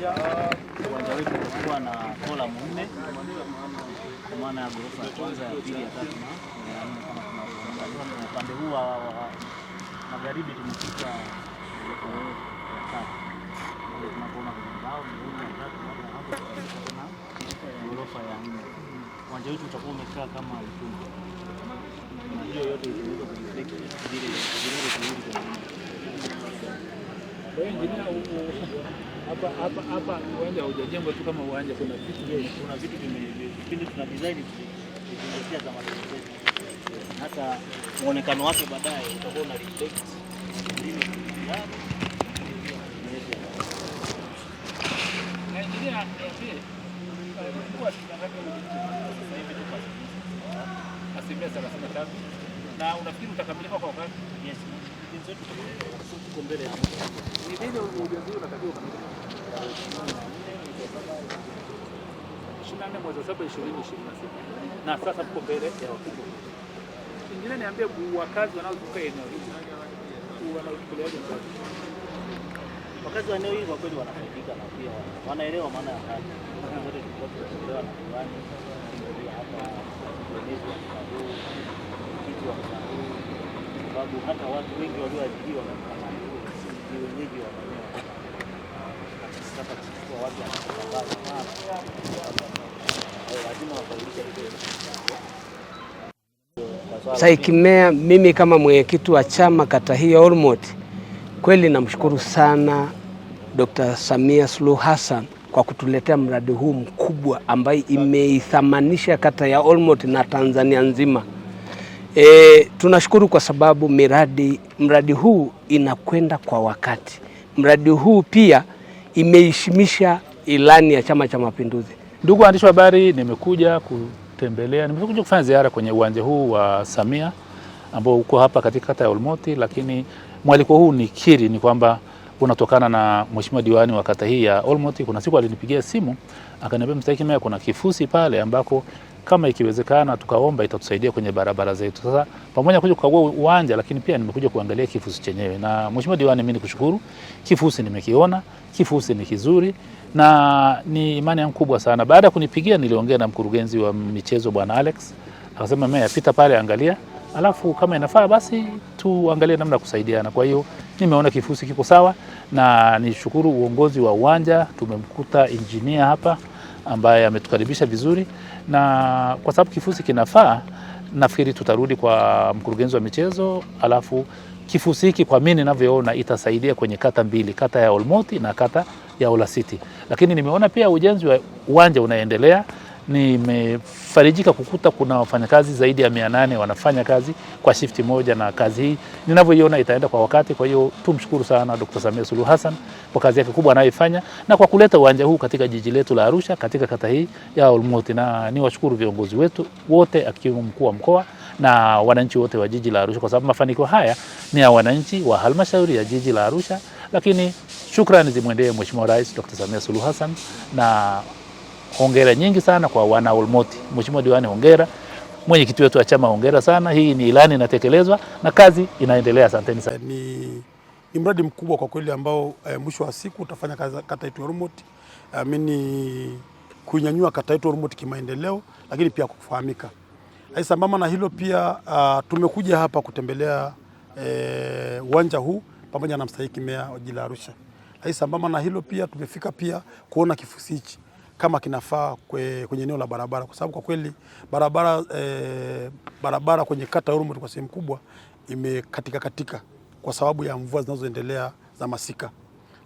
uwanja. Uh, uwanja wetu utakuwa na kola nne kwa maana ya ghorofa ya kwanza, ya pili, ya tatu na nne. Kama upande huu wa magharibi tumefika ghorofa ya nne. Uwanja wetu utakuwa umekaa kama mtumba na hiyo yote hapa hapa hapa uwanja hujajengwa tu kama uwanja, kuna vitu kuna vitu vimepindi, tuna design zingesia za mazingira, hata muonekano wake baadaye utakuwa una reflect asilimia thelathini na tatu na unafikiri utakamilika kwa wakati? Yes. na sasa tuko mbele ya wakubwa. Ingine niambie wakazi wanaozunguka eneo hili. Wakazi wa eneo hili kwa kweli wanafaidika na pia wanaelewa maana ya kazi. Zote tulikuwa tunaelewa na sababu hata watu wengi walioajiriwa ni wenyeji wa maeneo sasa kuchukua watu ah, eh, lazima wabadilishe Saikimea, mimi kama mwenyekiti wa chama kata hii ya Olmot, kweli namshukuru sana Dr. Samia Suluhu Hassan kwa kutuletea mradi huu mkubwa ambayo imeithamanisha kata ya Olmot na Tanzania nzima. E, tunashukuru kwa sababu miradi mradi huu inakwenda kwa wakati. Mradi huu pia imeheshimisha ilani ya Chama cha Mapinduzi. Ndugu waandishi wa habari, nimekuja kutembelea, nimekuja kufanya ziara kwenye uwanja huu wa Samia ambao uko hapa katika kata ya Olmoti, lakini mwaliko huu ni kiri ni kwamba unatokana na mheshimiwa diwani wa kata hii ya Olmoti. Kuna siku alinipigia simu akaniambia, Mstahiki Meya, kuna kifusi pale ambako kama ikiwezekana tukaomba itatusaidia kwenye barabara zetu. Sasa pamoja na kuja kukagua uwanja, lakini pia nimekuja kuangalia kifusi chenyewe, na mheshimiwa diwani, mimi nikushukuru, kifusi nimekiona, kifusi ni kizuri na ni imani yangu kubwa sana. Baada ya kunipigia, niliongea na mkurugenzi wa michezo bwana Alex, akasema mimi yapita pale, angalia alafu kama inafaa basi tuangalie namna ya kusaidiana. Kwa hiyo nimeona kifusi kiko sawa, na nishukuru uongozi wa uwanja, tumemkuta injinia hapa ambaye ametukaribisha vizuri, na kwa sababu kifusi kinafaa, nafikiri tutarudi kwa mkurugenzi wa michezo, alafu kifusi hiki kwa mimi ninavyoona itasaidia kwenye kata mbili, kata ya Olmoti na kata ya Olasiti. Lakini nimeona pia ujenzi wa uwanja unaendelea nimefarijika kukuta kuna wafanyakazi zaidi ya mia nane wanafanya kazi kwa shifti moja, na kazi hii ninavyoiona itaenda kwa wakati. Kwa hiyo tumshukuru sana d Samia Suluhu Hassan kwa kazi yake kubwa anayoifanya na kwa kuleta uwanja huu katika jiji letu la Arusha katika kata hii ya Olmoti, na niwashukuru viongozi wetu wote akiwemo mkuu wa mkoa na wananchi wote wa jiji la Arusha kwa sababu mafanikio haya ni ya wananchi wa halmashauri ya jiji la Arusha. Lakini shukrani zimwendee Mheshimiwa Rais d Samia Suluhu Hassan na hongera nyingi sana kwa wana Olmoti. Mheshimiwa diwani, hongera. Mwenyekiti wetu wa chama, hongera sana. Hii ni ilani inatekelezwa na kazi inaendelea. Asanteni sana. Ni, ni mradi mkubwa kwa kweli ambao e, mwisho wa siku utafanya kazi kata yetu ya Olmoti amini eh, kuinyanyua kata yetu Olmoti kimaendeleo, lakini pia kufahamika. Sambamba na hilo pia a, ah, tumekuja hapa kutembelea eh, uwanja e, huu pamoja na mstahiki meya wa jiji la Arusha. Sambamba na hilo pia tumefika pia kuona kifusi hichi kama kinafaa kwe, kwenye eneo la barabara, kwa sababu kwa kweli barabara e, barabara kwenye kata Urumu kwa sehemu kubwa imekatika katika kwa sababu ya mvua zinazoendelea za masika,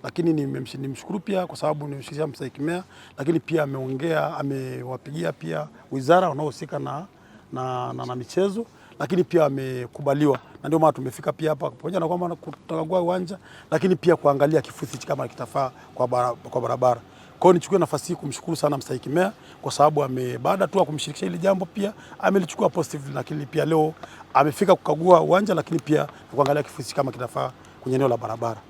lakini nimshukuru pia kwa sababu nimshukuru Mstahiki Meya, lakini pia ameongea amewapigia pia wizara wanaohusika na, na, na, na michezo lakini pia amekubaliwa na ndio maana tumefika pia hapa, pamoja na kwamba kukagua uwanja, lakini pia kuangalia kifusi kama kitafaa kwa barabara. Kwa hiyo nichukue nafasi hii kumshukuru sana mstahiki meya kwa sababu ame baada tu ya kumshirikisha hili jambo pia amelichukua positive, lakini pia leo amefika kukagua uwanja, lakini pia kuangalia kifusi kama kinafaa kwenye eneo la barabara.